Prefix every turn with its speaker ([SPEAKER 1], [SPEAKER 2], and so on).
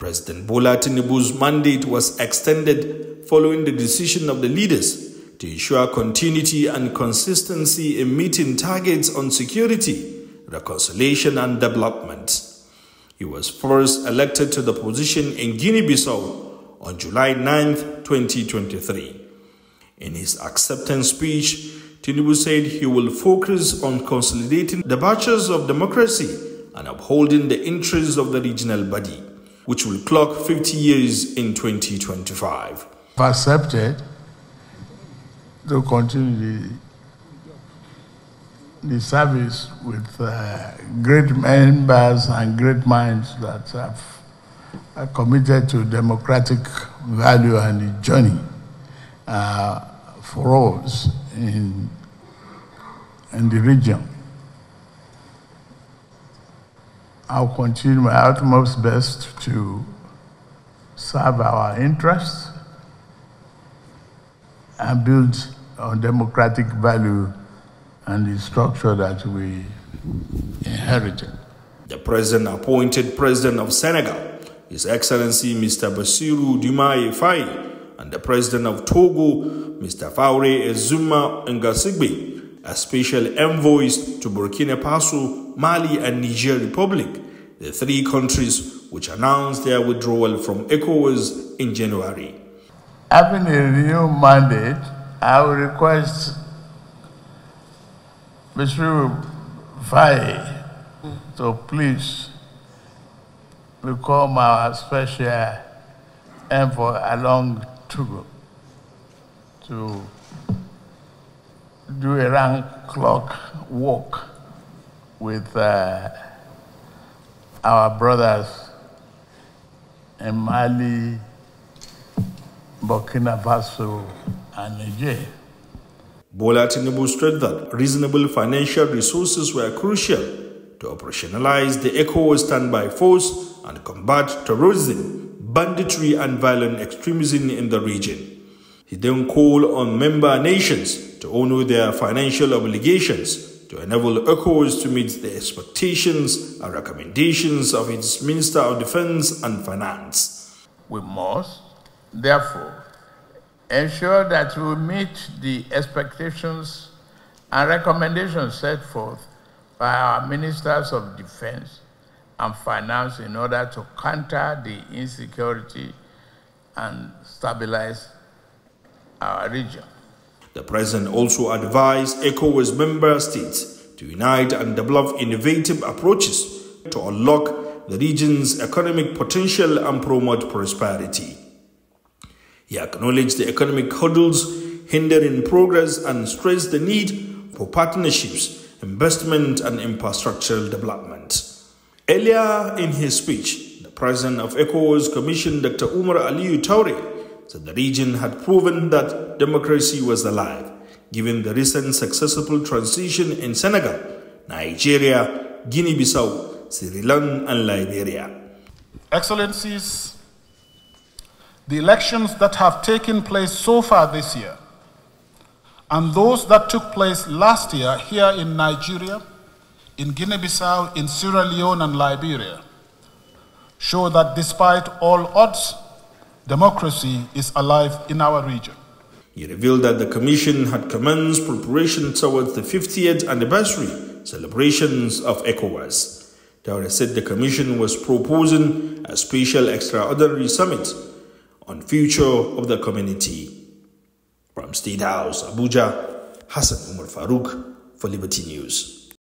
[SPEAKER 1] President Bola Tinubu's mandate was extended following the decision of the leaders to ensure continuity and consistency in meeting targets on security, reconciliation, and development. He was first elected to the position in Guinea-Bissau on July 9, 2023. In his acceptance speech, Tinubu said he will focus on consolidating the virtues of democracy and upholding the interests of the regional body which will clock 50 years in 2025.
[SPEAKER 2] If accepted, will continue the, the service with uh, great members and great minds that have uh, committed to democratic value and the journey uh, for us in, in the region. I'll continue my utmost best to serve our interests and build on democratic value and the structure that we inherited.
[SPEAKER 1] The president appointed president of Senegal, His Excellency Mr. Basiru Diomaye Faye, and the president of Togo, Mr. Faure Ezuma Ngasigbe, as special envoys to Burkina Faso, Mali, and Niger Republic, the three countries which announced their withdrawal from ECOWAS in January.
[SPEAKER 2] Having a new mandate, I will request Mr. Faye to please become our special envoy along to, to do a round clock walk with uh, our brothers in Mali, Burkina Faso,
[SPEAKER 1] and Niger. Bola Tinubu stressed that reasonable financial resources were crucial to operationalize the ECOWAS standby force and combat terrorism, banditry, and violent extremism in the region. He then called on member nations to honor their financial obligations to enable ECOWAS to meet the expectations and recommendations of its Minister of Defense and Finance. We must, therefore, ensure that
[SPEAKER 2] we meet the expectations and recommendations set forth by our ministers of defense and finance in order to counter the insecurity and stabilize our
[SPEAKER 1] region. The president also advised ECOWAS member states to unite and develop innovative approaches to unlock the region's economic potential and promote prosperity. He acknowledged the economic hurdles hindering progress and stressed the need for partnerships, investment, and infrastructural development. Earlier in his speech, the president of ECOWAS Commission, Dr. Umar Aliyu Taure, so the region had proven that democracy was alive. Given the recent successful transition in Senegal, Nigeria, Guinea-Bissau, Sri Lanka and Liberia.
[SPEAKER 2] Excellencies, the elections that have taken place so far this year and those that took place last year here in Nigeria, in Guinea-Bissau, in Sierra Leone and Liberia show that despite all odds, democracy is alive in our region.
[SPEAKER 1] He revealed that the Commission had commenced preparation towards the 50th anniversary celebrations of ECOWAS. Dara said the Commission was proposing a special extraordinary summit on future of the community. From State House, Abuja, Hassan Umar Farouk for Liberty News.